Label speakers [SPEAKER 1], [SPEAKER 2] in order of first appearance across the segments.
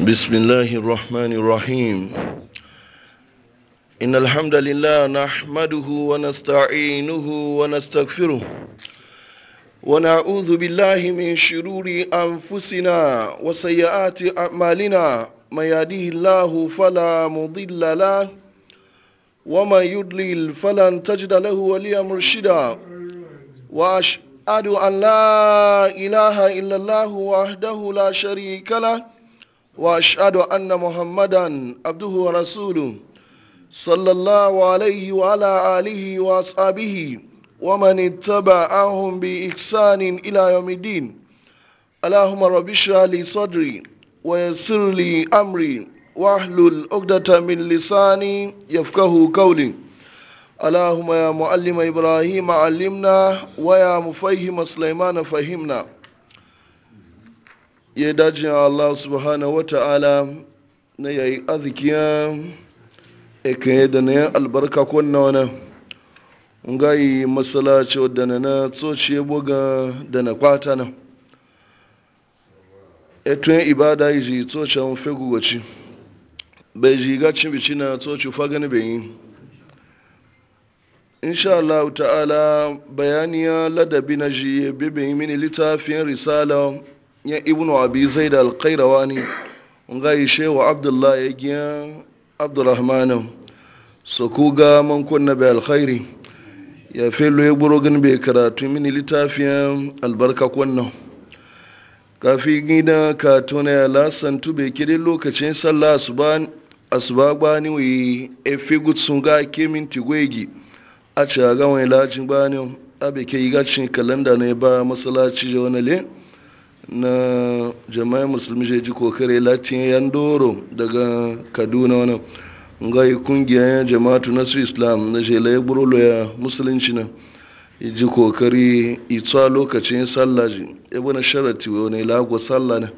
[SPEAKER 1] بسم الله الرحمن الرحيم إن الحمد لله نحمده ونستعينه ونستغفره ونعوذ بالله من شرور أنفسنا وسيئات أعمالنا ما يهديه الله فلا مضل له وما يضلل فلن تجد له وليا مرشدا وأشهد أن لا إله إلا الله وحده لا شريك له واشهد ان محمدا عبده ورسوله صلى الله عليه وعلى اله واصحابه ومن اتبعهم باحسان الى يوم الدين اللهم رب اشرح لي صدري ويسر لي امري واحلل عقدة من لساني يفقه قولي اللهم يا معلم ابراهيم علمنا ويا مفهم سليمان فهمنا ya dace Allah subhanahu wata'ala na yayi azkiya kan da na yin albarka kunna wani ngayi masalaci wadda na na tsoce buga da na kwata na etun ibada yi ji fi gugaci. bai ji cin bici na tsoce fagani bai yi insha Allah ta'ala bayaniya ladabi na ji bibin mini littafin risala ya ibnu abi zaid al Nga ngai shehu abdullahi ya giyan abdurrahmanin su ku ga mankon na bai alkhairi ya felo ya buru gani bai karatu mini littafiyan albarka kwanan kafi gina kato na ya lasantu bai kirin lokacin sallah asuba gbani wai efe gutsun ga ke minti gwegi a ci a gawai lajin gbani abe ke yi gacin kalanda ne ba masalaci da wani le na jama'a musulmi shi ji kokare latin yan doro daga kaduna wani kungiyar jama'atu nasu islam na shela ya burolo ya musulunci na ji kokari itsa lokacin sallah ji ibn e sharati wani lagos sallah na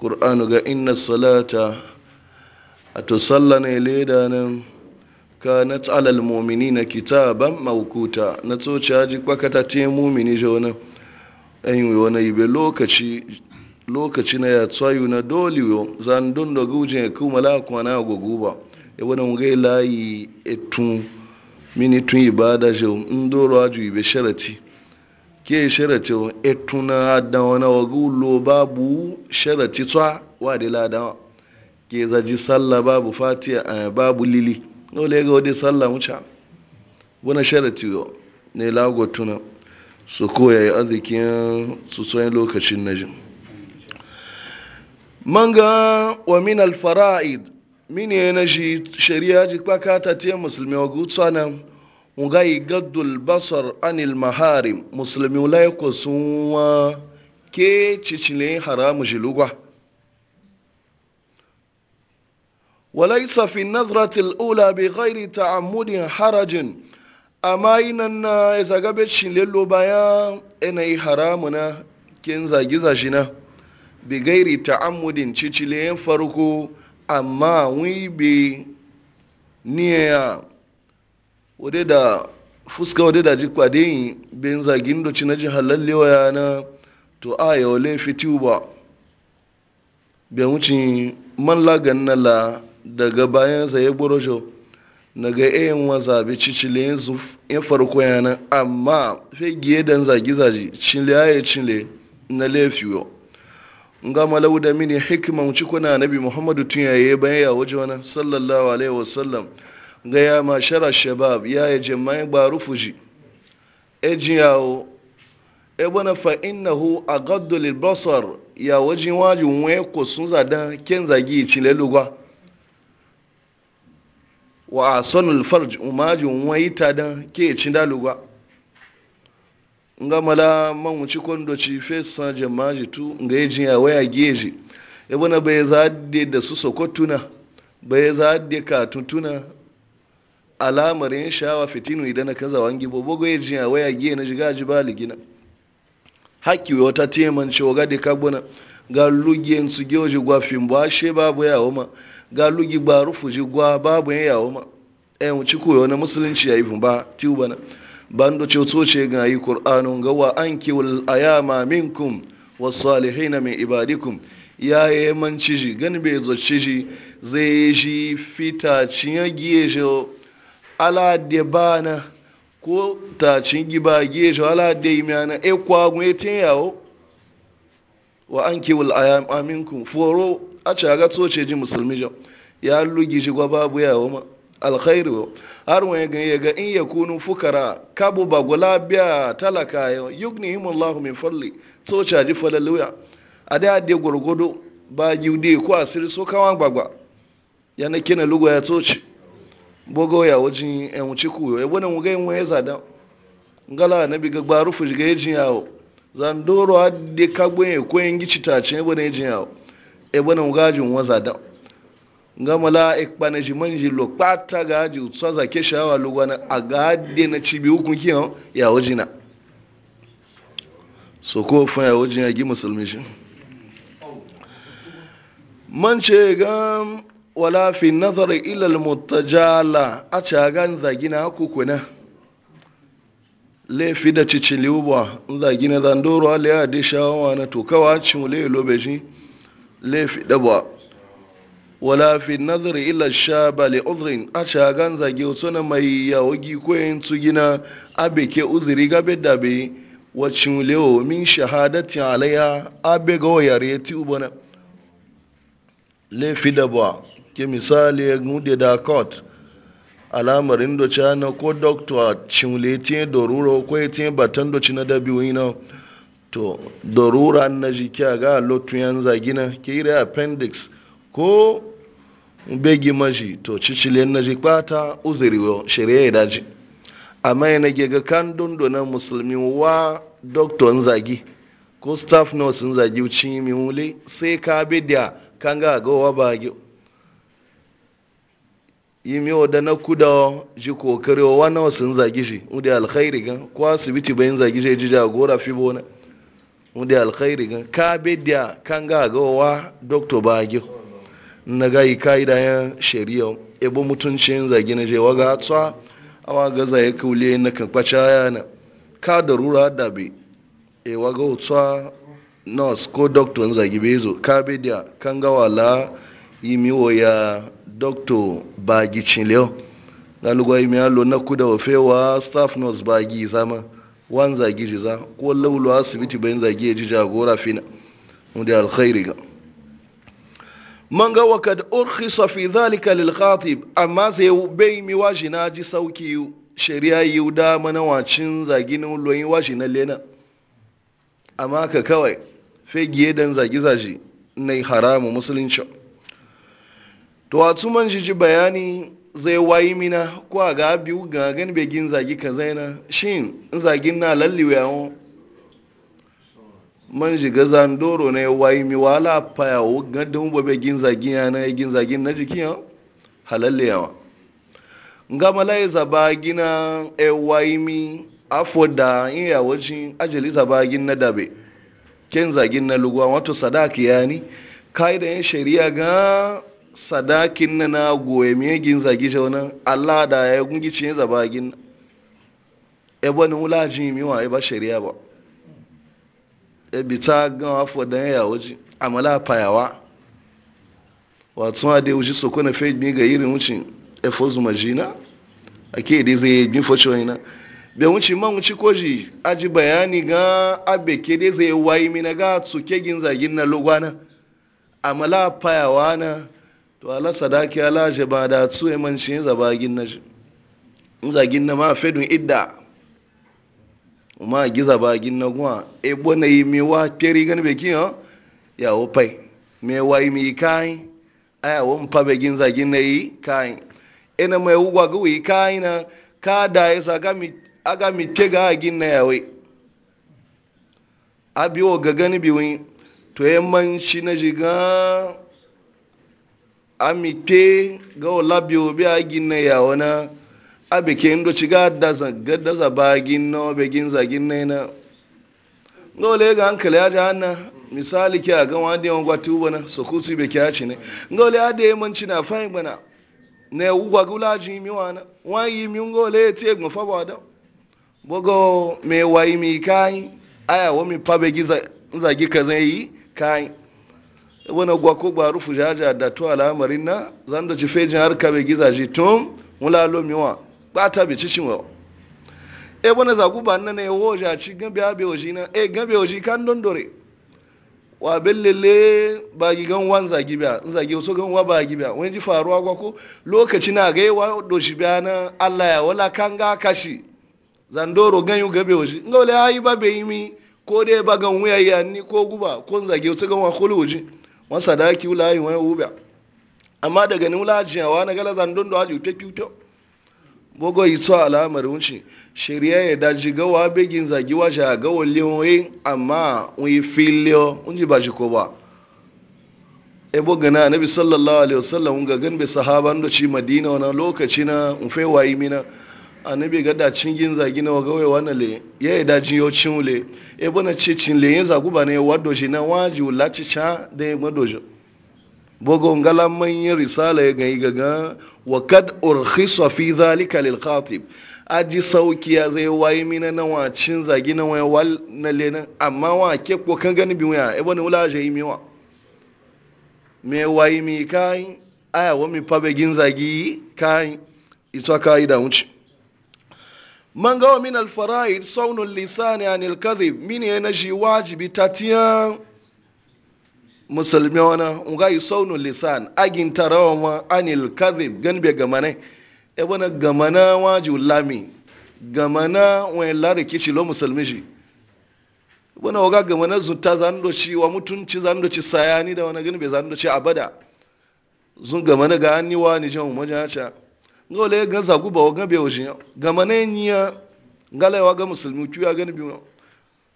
[SPEAKER 1] qur'anu ga inna salata ato sallah ne leda nan kanat mumini na kitaban maukuta na to caji kwakata te mu'mini jona yi wani ibe lokaci lokaci na ya tsayu na doliyo zan don da gujin ya kuma lakwa na gugu ba ya e wani mugai layi etun mini tun ibada shi in doro aju ibe sharati ke sharati etun na adan wani wagu lo babu sharati tsa wa de ladawa ke zaji sallah babu fatiha eh, babu lili nole ga wadi sallah wuce wani sharati yo ne lagotuna su koya yi arzikin su tsohon lokacin na jin manga wa min alfara'id mini na shi shari'a ji kwakata ta musulmi wa gutsanan ngai gaddul basar anil maharim musulmi laiko sun wa ke cicile haramu jilugwa وليس Ula النظرة الأولى بغير تعمد harajin. amma inan na ya zaga becin lello baya yi haramu na kin zagi shi na bigairi ta'ammudin ciciliyen farko amma wibe niya wadda da fuska wadda da jikwa dai bin zagin doci na jihallallewa na to a yau laifi ba bai wuce man laganna la daga bayan zaye borojo naga eyin eh, waza bi cicile yanzu in farko yana amma fegiye dan zagi-zagi cile ya cile na lefiyo nga malau da mini hikiman cikuna na nabi muhammadu tun yaye bayan ya waje wani sallallahu alaihi wasallam ga ya shara shabab ya yi jama'in gbaru fuji e jiyawo e bana fa innahu hu a basar ya waje waji wani ko sun zada ken zagi cile lugwa wa asanul farj umajin waita dan ke cin daluwa ngamala mala man wuci kondo ci fesa jamaji tu nga yi jiya waya geji yabona bai zaɗe da su sokotuna bai ka katutuna alamar yin sha'awa fitinu idan ka kaza wangi bobo ga yajin a waya giye na jiga ji bali gina haki wata teman ce waga da kagbona ga lugiyen su geoji gwafin ba she babu yawo ma ga lugi gba rufu ji gwa babu yin yawo ma ɗayan eh, ciku koyo na musulunci ya yi ba tiwu na. ban ce to ce ga yi qur'anun ga wa an kiwul ayama minkum was salihina min ibadikum ya yi man ciji gani bai zo ciji zai ji fita cinya giye shi ala de bana ko ta cin giba giye shi ala de na. e kwagun e tin yawo wa an kiwul ayama minkum foro a ce ga tsoce ji musulmi jau ya lugi shi gwa babu ya ma alkhairu har wani gani ya ga in ya kunu fukara kabu ba gula biya talaka yau yugni himullahu min falli so caji falaluya a da yadda gwargwado ba giudi ko asiri so kawan gbagba yana kina lugu ya toci bogo ya wajen yan wuce kuyo ya e gwanin wuga yin waye zadan ngala na gagba rufu shiga ya jin yawo zandoro hadde kagbon ya koyan gici tace ya ya jin yawo ya e gwanin wuga jin wa zadan nga mala bana shi man lo kpata ga ji utsa za ke lugwana a ga na cibi hukun kiyan ya ojina so ko fa ya ojina gi musulmi shi man ce ga wala fi nazar ila al mutajala a ce ga zagina le laifi da cicili nza gina zandoro ala ya de shawa na to kawa cin lobe shi laifi da ba wala fi nazar ila shaba li uzrin a shagan zage suna mai yawagi ko yin tsugina abe ke uzuri gabe da be wacin lewo min shahadati alaya abe ga wayar ya ti ubana lefi da ba ke misali ya gude da court alamarin do na ko doctor cinle ti doruro ko ti batan do na da biyu na to dorura na jiki ga lotu yan zagina ke ire appendix ko begi maji to cicile na ji kwata uzuri wa shari'a da daji. amma yana gega kan na musulmi wa doktor Nzagi? ko staff nurse nzagi uci mi wuli? sai ka bidiya kan ga wa ba gi yi mi wa da na kuda ji kokari wa wani wasu Nzagi shi wudi alkhairi gan ko asibiti bayan zagi shi ji jagora fi bona wudi alkhairi gan ka bidiya kan ga wa doktor ba gi na gayi ka'ida ya shari'a ebo mutuncin zagi na jewa ga hatsa awa ga zai kule na kan ya yana ka da rura da be e ga hatsa nurse ko doctor zagi be zo ka be da kan ga wala yi miwo ya doctor bagi na lugo yi allo na kuda wa fewa staff nurse bagi zama wan zagi jiza ko lawlo asibiti bayin zagi ya ji jagora fina mu da alkhairi ga man ga wakad urkhisa fi dhalika lil khatib amma sai bai mi waji na ji sauki shari'a yi da mana wacin zagin loyin waji na lena amma ka kawai fegiye dan zagi zaji nai haramu musulunci to a man jiji bayani zai wayi mina ko a ga biyu ga gan begin zagi ka zaina shin zagin na lalliwa man shiga zandoro na yawai mi wala faya wo mu babe gin zagiya na gin zagin na jikin halalle yawa nga malai zaba gina yawai e mi afo da in ya ajali zaba gin na dabe ken zagin na lugwa wato sadaki yani da yin shari'a ga sadakin na na goye mi gin zagi wani Allah da ya gungi cin zaba gin e bani wulajin mi wa ba shari'a ba ebi ta gan afọ dan ya wuce amala fayawa wato a da wuce soko na fe ni ga irin wuce efo zuma na? ake dai zai yi fo cewa ina bai wuce man wuce koji aji bayani ga abe ke dai zai wayi mina ga tsuke gin zagin na lugwana amala wa na to ala sadaki ala jaba da tsuwe man shi Gin na gin na ma fedun idda ma baa bagin na guwa e na yi me wa peri gan be kiyo ya wo pai me wa yi mi kai aya wo mpa be gin za e na yi kai ena me ugwa gu yi kai na ka da isa ga mi aga mi tega gi na yawe abi wo ga gani bi wi to e man shi na jiga amite ga bi obi gi na yawana a ke da ci gada gada za bagin na begin zagin na yana ngole ga hankali ya jahanna misali ke a gama wadi yawan gwati ubana su kusi bai kya ci ne ngole ya da yi manci na fayin bana na ya ugwa gula ji mi wana wani yi mi ngole ya ce, gma fa da bogo me wayi mi kayi? aya wa mi pa zagi ka zai yi kayi e wani gwa ko gba rufu jaja da to al'amarin na zan da ci fejin harka bai gizaji tun wula lomiwa bata bi cikin wa e bana zagu ba nan ne woja ci gabe abe waji na e gabe waji kan don dore wa bellele ba gi gan wan zagi biya in zagi so gan wa ba gi biya wani ji faruwa gwa ko lokaci na ga wa do shi biya na Allah ya wala kan ga kashi gan yu gabe waji ngole ayi ba be yimi ko dai ba gan wuya ya ni ko guba ko in zagi so gan wa kulu waji wasa da ki wula yi wani ubia amma daga ni wula wa na gala don do aji to bogo yi tso alamar wuce shari'a ya daji gawa begin zagi shi a gawa liyoyi amma wani filiyo unji ba shi ko ba ebo gana bi sallallahu alaihi wasallam ga gan be sahaban da ci madina wani lokaci na nfe wayi mina annabi ga da cingin zagi na wagawe wani le ya yi daji yau cin wule ebo na ce cin le yin zagu ba ne wadoji na waji wula ci ca da ya bugun galan manyan risala ya gani gaga wa kad urkhisa fi zalika lil khatib aji sauki ya zai wayi mina na wacin zagi na waya wal na lena amma wa ke ko kan gani bi waya ibn wala jayi yi wa me wayi mi kai aya wa mi fa gin zagi kai ita kai da wuce man gawa min al faraid saunul lisani anil kadhib min yana shi wajibi tatiyan musulmi wana nga saunin lisan agin tarawa ma anil kazib gan bai gamane e bana gamana wajen lami gamana wa lare kishi lo musulmi shi e bana waga gamana zunta zando ci wa mutunci zando ci sayani da wani gani bai zando ci abada zun gamana ga an wa ni jan majacha ngole ga zaguba wa ga be wajin gamana niya ngale wa ga musulmi kiwa gani bi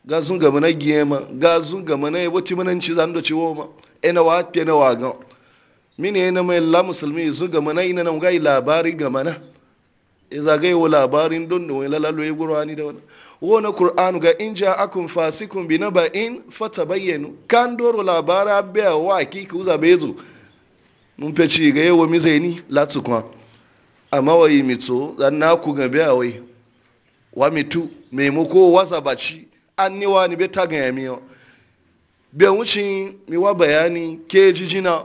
[SPEAKER 1] ga sun gama na giyema ga sun gama na yabo timananci zan da ciwo ma ina e wa fiye na ga mine ina mai la musulmi sun gama na ina nan ga labari gama na iza e ga wa labarin don da wani lalalo ya gura ni da wani wani qur'anu ga in ja akun fasikun bi na ba'in fata bayyanu kan doro labara biya wa kiki uza bezo mun fe ci ga ni, mizaini latsu kuma amma wayi mito zan na ku ga biya wai wa mitu maimako wasa baci anni ni be taga ya miyo be wuci mi wa bayani ke jijina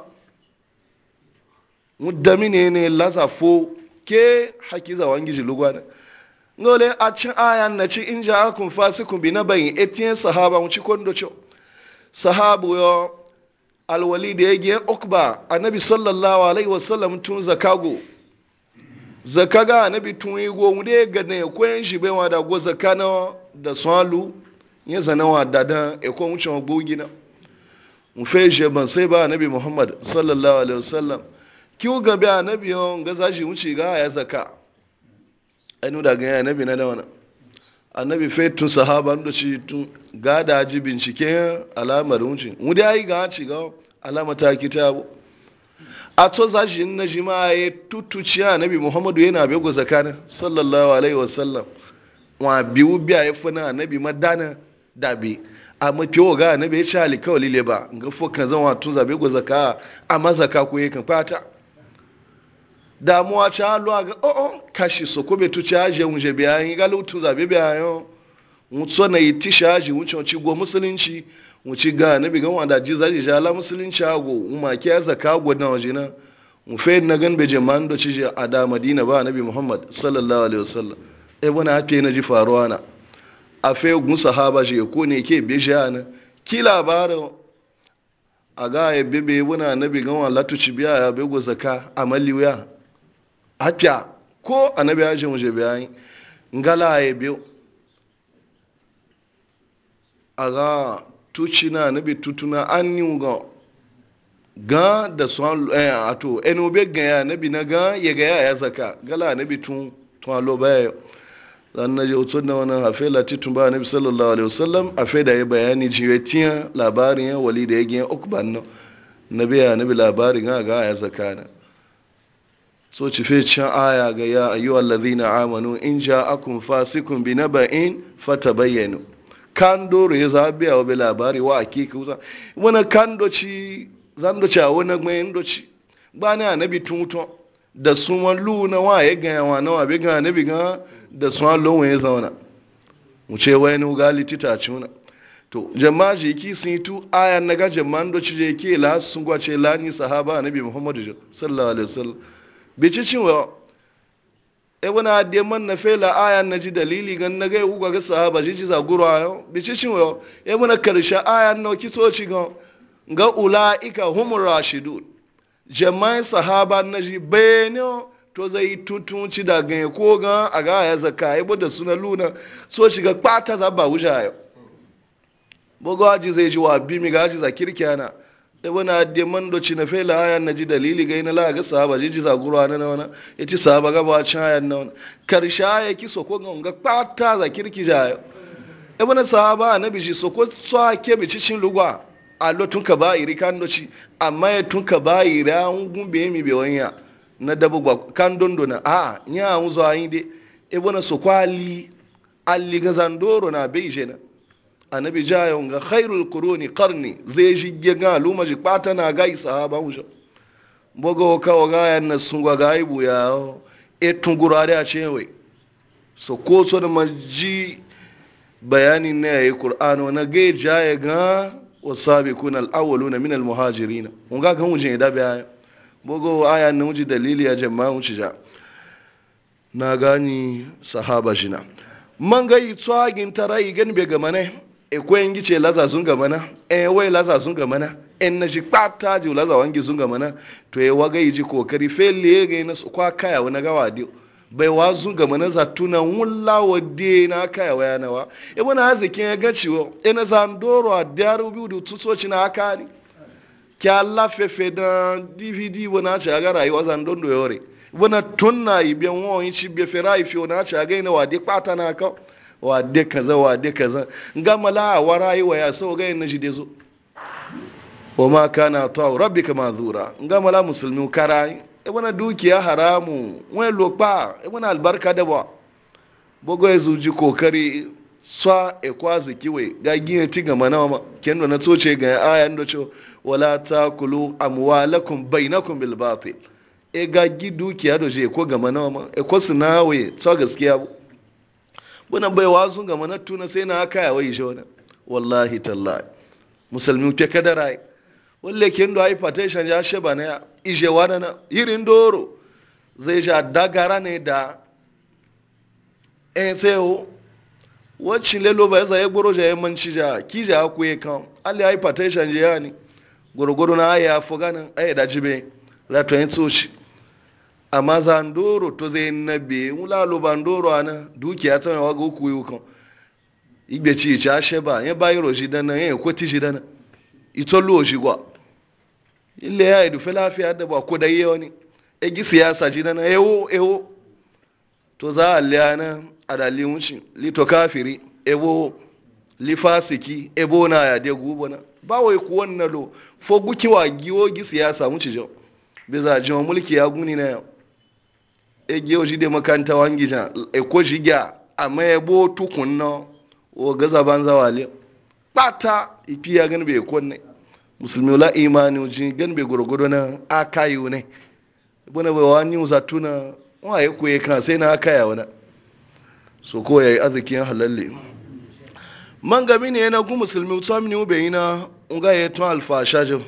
[SPEAKER 1] mudami ne ne lazafo fo ke hakiza wangiji lugwana ngole a cin ayan na ci inja ja'akum fasikum bi nabayin etiyen sahaba mu ci kondo cho sahabu yo alwali da ya giye ukba annabi sallallahu alaihi wasallam tun zakago zakaga annabi tun yi go mu da ga ne koyan shi bai wa da go zakana da salu ya zana wa dada eko wuce wa gogi na mu fe je ban sai ba anabi muhammad sallallahu alaihi wa wasallam kiu ga bi annabi yon nga zashi mu ci ga ya zaka ainu da ga anabi na da wannan annabi fe tun sahaba da shi tun ga da ji bincike alamar mu ci ya yi ga ci ga ta kitabu a to zashi na jima'a ya tutuci na muhammadu yana zaka na. sallallahu alaihi wa sallam. wa biyu biya ya fi na annabi madana dabe a mafi ga na bai sha alikawali le ba ga fokan zan wato zabe go zaka a mazaka ko yakan fata damuwa ta halwa ga o'o oh, oh, kashi so ko betu ci aje unje biya yi galo tu zabe biya yo mutso na yi tisha aje wuce ci go musulunci wuce ga na bi gan wanda ji zaji jala musulunci ago umma ke zaka go na waje na mu fe na gan be jama'an do ci je a da madina ba nabi muhammad sallallahu alaihi wasallam e wani hafe na ji faruwa na a fegun sahaba shi ko ne ke bishiya ana ki labarin a ga ya bebe wuna na bigan wa latuci biya ya bego zaka a a fiya ko a na biya shi mu je biya ngala ya biyo a ga tucina na bi tutuna an yi ga ga da sun eh, ato enobe ga ya na bi na ga ya ga ya zaka gala na bi tun tun lo baya zan na jautun na wani hafe titun tun ba nabi sallallahu alaihi wasallam a fe da ya bayani jiwetiya labarin ya wali da ya gina ukban na nabi ya nabi labarin ya ga ya zakana so ci fe can aya ga ya ayyu allazina amanu in ja'akum fasikun bi naba'in fatabayyanu kando re za biya wa labari wa akika uza wani kando ci zan do a wani gmayin do ci ba ne nabi tun da suman luna wa ya gaya wa nawa bi ga nabi ga da suna lonwa ya zauna mu ce wai ni gali tita cuna to jama'a ki sun yi tu aya na ga jama'an da ci ke la sun gwace la ni sahaba biyu muhammadu sallallahu alaihi wasallam bi ci cin wa e wana de man na fela aya na ji dalili gan na ga e uga ga sahaba ji ji zaguro ayo bi ci cin wa e wana karshe aya na ki so ci ga ga ulaika humur rashidun jama'an sahaba na ji bayanin to zai tutunci da ganye ko gan a ga ya zaka ya bada suna luna so shiga kpata za ba wuja ya bugu haji zai ji wa bi mi ga haji za kirkiyana da e wani adiyar man doci na fela hayan na ji dalili ga ina laga sahaba ji ji zaguru na na wani e ya ci sahaba ga ba cin hayan na wani karshe ya ki ko gan ga kpata za kirki ja ya da e wani sahaba na ko so tsawa ke bi cin lugwa a lotun ka ba iri kan ci amma ya tun ka ba iri an gumbe mi bewanya na daba gwa kan dondo na a ah, nya wuzo ayi de e bona so kwali alli ga zandoro na beije na annabi jayo ga khairul quruni qarni zai jigge ga luma ji pata na ga sahaba wujo bogo ka o ga yan na sungwa ga ibu e ya e tungura da cewe so ko so da maji bayanin ne yayi qur'ano na ga jaye ga wasabiquna al-awwaluna min al-muhajirin mun ga kan wuje da bayan bogo aya na wuji dalili ya jama'a wuce ja na gani sahaba jina man Mangayi yi tsagin tara yi gani bai gama ne e kwayan gice laza sun gama na e wai laza sun gama na en na shi kpata ji laza wangi sun gama na to ya waga yi ji kokari feli ya ga na kwa kaya wani gawa dio bai wa sun gama na za tuna wula wa na kaya waya na wa e wani hazikin ya gaci wa e na doro a daru biyu da tutsoci na aka ne kya lafefe na dvd wana ci aga rayuwa zan dondo yore wana tunna ibe won yi ci be fera ife wana ci aga ina wade kpata na ka wade kaza wade kaza ngama la wa rayuwa ya so ga ina jide zo wa ma kana ta rabbika mazura ngama la musulmi karai e wana dukiya haramu wani e lokpa e wana albarka da ba bogo ya e zuji kokari sa e kwazi kiwe ga gina e ti na ma kendo na tsoce ga ayan do cewa wala takulu amwalakum bainakum bil batil e ga gi dukiya da je ko gama nawa ma e ko su nawe tsa gaskiya bu buna bai wasu, gama na tuna sai na haka ya wai shona wallahi tallahi musulmi ke kadara walle ke do ai patation ya sheba na ije wana na irin doro zai sha dagara ne da e eh, o wacce lelo ba ya zai gboro ja ya manci ja ki ja ku ya kan alle ai yi patation ya ni gwargwaro na ya fi ganin aya da jibe lato yin tsoci amma za ndoro to zai na be wula ba ndoro ana, dukiya ta wa ga uku yiwukan igbe ci ci ashe ba yin bayi roji dana yin kwati shi dana ito loji gwa ile ya idufe lafiya da ba ko dai yi wani egi siyasa ji dana ewo ewo to za a liya na adalin wucin lito kafiri ewo lifasiki ebo na ya de gubo na ba wai ku wannan lo fo guki wa giwo gi siyasa mu jo be za ji mulki ya guni na yau e giwo shi de makanta wangi jan e ko shi gya amma ya e bo tukun na o gaza banza wale pata ipi ya gan be ko ne musulmi la imani ji gan be gurgudo na aka akayu ne bana ba wani usatuna wa ya e kuye kan sai na aka yi wana so ko yayi azikin halalle man gami ne na gu musulmi wuta mini yi na, nga ya tun alfasha jo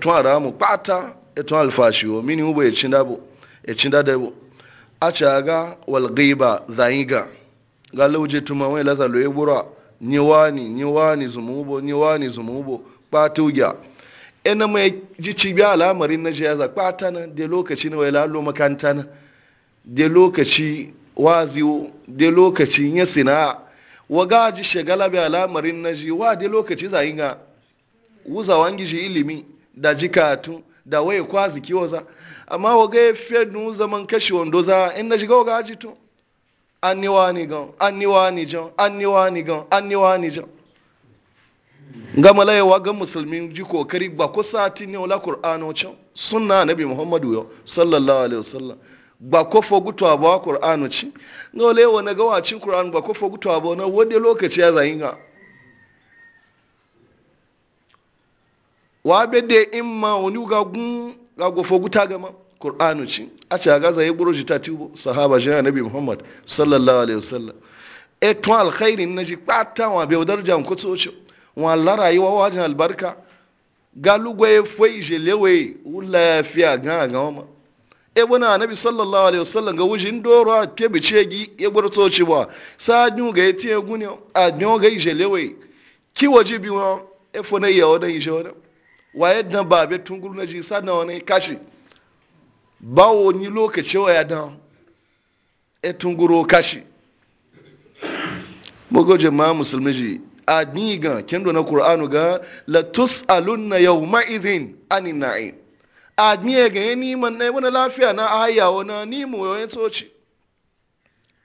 [SPEAKER 1] tun ara aramu pata ya tun alfashi wo mini ube e chinda bo e chinda de bo acha ga wal ghiba zaiga ga lauje tuma wani lasa lo ya bura niwani nye wani niwani zumubo pata uja ina e mai ji biya al'amarin na jayaza pata na de lokaci na wai lalo makanta na de lokaci waziwo de lokaci ya sina'a waga ji shagala bi alamarin na ji wa dai lokaci za yi ga wangi ji ilimi da jikatu da waye kwazi kiwaza amma wa ya fiye da zaman kashi wando za in na shiga ga aji to an ni ga, gan an ni wani jan an ni ga, gan an ni wani jan gama wa ga musulmin ji kokari ba ko sati ne wala qur'ano can sunna nabi muhammadu sallallahu alaihi wasallam ba fogu gutuwa ba ƙur'anu ci na wale wani gawacin ƙur'anu ba kofa gutuwa ba na wadda lokaci ya zayi ga wa bede in ma wani ga gun ga gofa guta gama ƙur'anu ci a ci ga zayi buruji ta tubo sahaba shi nabi muhammad sallallahu alaihi wasallam e tun alkhairin na ji kpata wa bai wadar jan kutso ci wa la rayuwa wajen albarka galugwaye fai jelewe wula ya fiya gan a gama ebuna anabi sallallahu alaihi wasallam ga wujin doro a ke bice ya burto ci ba sa nyu ga yete gune a nyu ga jelewe ki waje bi wa e fona ya wada yi jona wa yadda ba be tunguru na ji sanna wani kashi bawo ni lokaci wa ya dan e tunguro kashi bugo jama'a musulmi ji ni ga kendo na qur'anu ga la tus'alunna yawma idhin anin na'im a miye ga yi niman na wani lafiya na haya wani nimu ya toci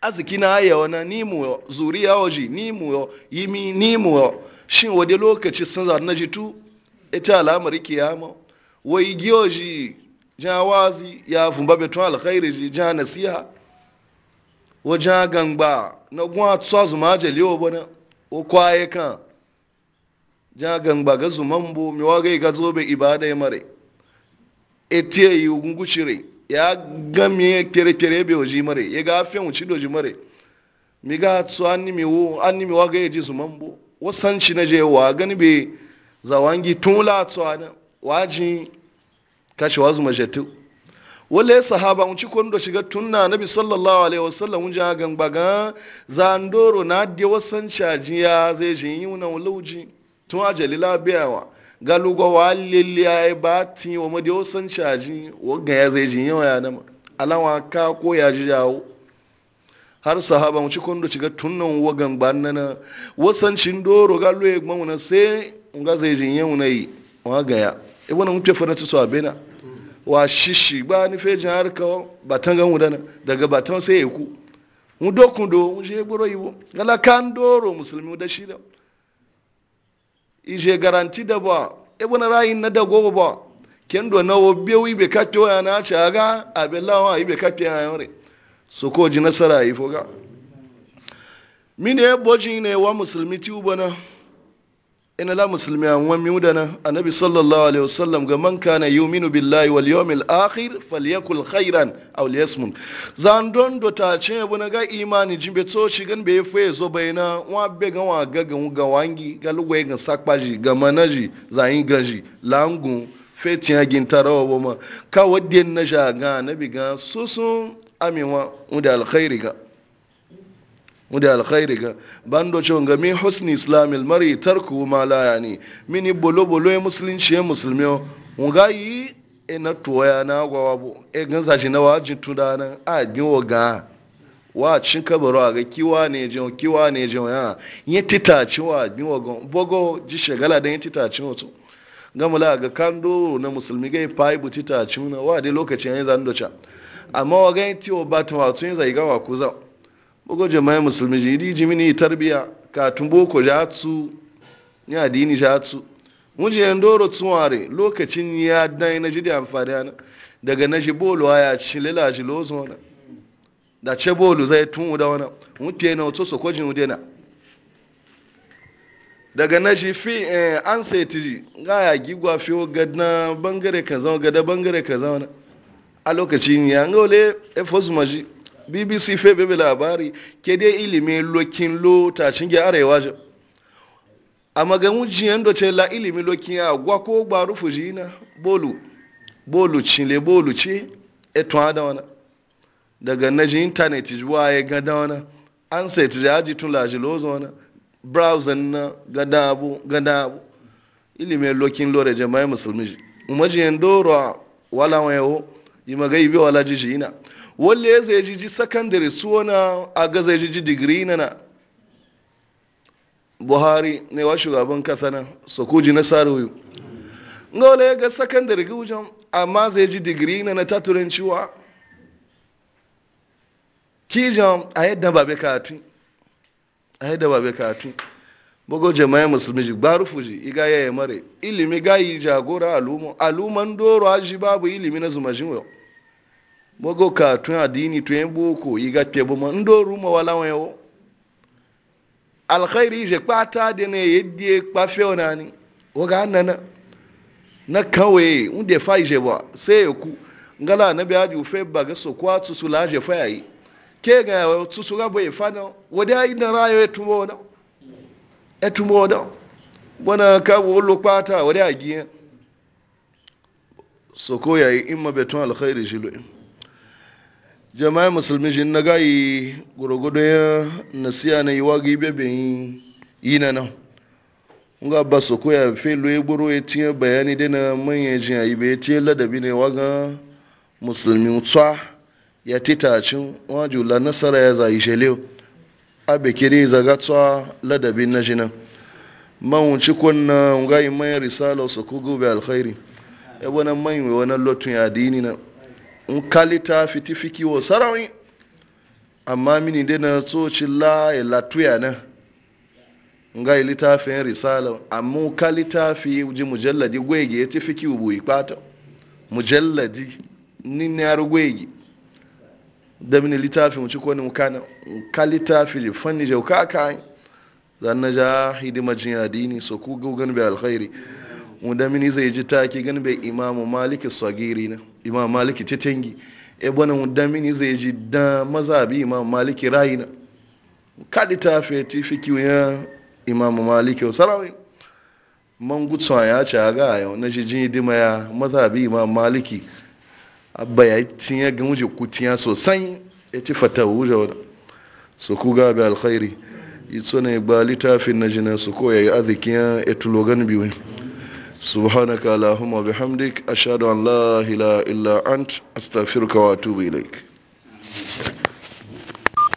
[SPEAKER 1] arziki na haya wani nimu ya zuriya waje nimu ya yimi nimu ya shin wade lokaci sun zara na jitu ita al'amari kiyama wai jan jawazi ya fumba beton alkhairi ji ja nasiha wajen gangba na gwa tsa zuma jalewa bana o kwaye kan jan gangba ga zuman bo mi wagai ga zobe ibada ya mare etie yi ngushire ya gamye kere kere ebe oji mare ya ga afiyan uci doji mare mi ga su an nimi wo an nimi wa ga su mambo wasan shi na je wa gani be zawangi tun la tsana waji kashi wazu majatu wale sahaba unci kondo shiga tunna nabi sallallahu alaihi wasallam unja gan baga ndoro na de wasan shaji ya zai jin yuna wuluji tun biya wa. galugo wa lili ya ba ti wa mu dio san shaji wa ga ya zai jin yawa ya dama alawa ka ko ya ji yawo har sahaba mu kondo ci ga tunnan wagan wa wasan cin doro galu ya mu na sai nga zai jin yawa na yi wa ga ya e wannan mutum fara su abena wa shishi ba ni fe jin har ka tan gan wudana daga batan sai ya ku mu dokun do mu je goro yiwo gala kan doro musulmi da shi da ije garanti da ba ibn e rayin na da ba kendo na obbe wi be kake ya na ci abella wa ibe kake ya yore su ko ji nasara yi foga mine boji ne wa musulmi ti ubana ina la musulmi an wani mudana annabi sallallahu alaihi wasallam ga man kana yuminu billahi wal yawmil akhir falyakul khairan aw liyasmun zan don do ta ce ga imani jimbe to shi gan be fe zo bayna wa be ga wa ga ga ga wangi ga ga sakpaji ga manaji zayin gaji langu fetin hagin tarawa bo ma ka wadden na shaga annabi ga susun amewa da alkhairi ga da alkhairi ga bando cewa ga mi husni islamil mari tarku ma la yani mini bolo bolo ya musulunci ya musulmi un ga yi e na toya na gwawa bo e gan sa shi na wajin tudana a gin wa ga wa cin kabaro a ga kiwa ne je kiwa ne je ya yi titaci wa gin wa bogo ji shagala da yi titaci wato gamula ga kando na musulmi ga fa ibu titaci na wa de lokacin yayin zan docha amma wa ga yi tiwo ba ta wato yin zai ga wa ku zau bugo jama'a musulmi jiri jimini tarbiya katun boko jatsu ni adini jatsu muje yan doro tsuware lokacin ya dai na jidi amfani ana daga na shi bolo ya ci lela shi lozo na da ce bolo zai tun da wana mutiye na wato so kojin udena daga na shi fi eh, an sai tiji ga ya gigwa fi gadna bangare kaza gada bangare kaza wana a lokacin ya ngole e fosu maji bbc febe be labari ke dai ilimin lokin lo tashin arewa je a maganin jiyan da ce la ilimin lokin ya gwa ko gba rufu jina bolu bolu cile bolu ce eto da wana daga naji intanet zuwa ya e ga da wana an sai ta jaji tun laji lozo wana browser na gada abu gada abu ilimin lokin lore jama'a e musulmi umajiyan doro wala wayo yi magai bi wala jina. wanda ya zai jiji sakandare suwana a ga zai jiji digiri na na buhari ne wa shugaban kasa na sokoji na saroyo ga wale ya ga sakandare ga wujen amma zai ji digiri na na taturin ciwa kijan a yadda ba bai katu a yadda ba bai katu bugu jama'a musulmi ji gbaru fuji iga yaya mare ilimi ga yi jagora alumo aluman doro aji babu ilimi na zumajin yau bogo ka tun adini tun yin boko yi gafe bu ma ndo ruma wala wa yawo alkhairi je kpata de ne yeddi kpafe onani waga nana na kawai inda fa je ba sai ya ku ngala na biya ju fe ba ga so kwa la su laje fa yi, ke ga su su ga boye fa na wada yi na rayo ya tumo na ya tumo na wana ka bo lo kpata wada agiye so ko yayi imma beton alkhairi jilu jama'a musulmi shi na gayi gurgudu ya nasiya na yi wagi bebe yi na nan nga ba su koya felo ya gburu ya tiye bayani dina manyan jin ayi bai tiye ladabi ne waga musulmi tsa ya tita cin la nasara ya zai shele abe kiri zaga tsa ladabi na jinan man wuce kunna nga yi manyan risala su kugu bai alkhairi ya e wani manyan wani lotun ya dini na nkalita fiti fiki wa sarawi amma mini dai na tsoci la ya latuya na ga yi littafin risala amma ka littafi ji mujalladi gwege ya tafi kiwo buyi kwata mujalladi ni na yar gwege da mini littafi mu ci mu ni in ka littafi ji fanni jau ka zan na ja hidima jin adini so ku gugan bai alkhairi Mudamini zai ji taki gani bai imamu maliki sagiri na imamu maliki titingi e bana mudamini zai ji da mazabi imamu maliki Rayu na kadi ta fi fiki ya imamu maliki sarawi man gutsuwa ya ci a ga yau na jijin dima ya mazabi imamu maliki abba ya tin ya ga muje kutiya sosai ya ci fata wuja wadda su ku ga bi alkhairi itsone ba littafin na jina su ko ya yi arzikin ya tulogan biyu subhanaka allahumma bihamdik ashhadu an la lahila illa ant astaghfiruka wa atubu ilaik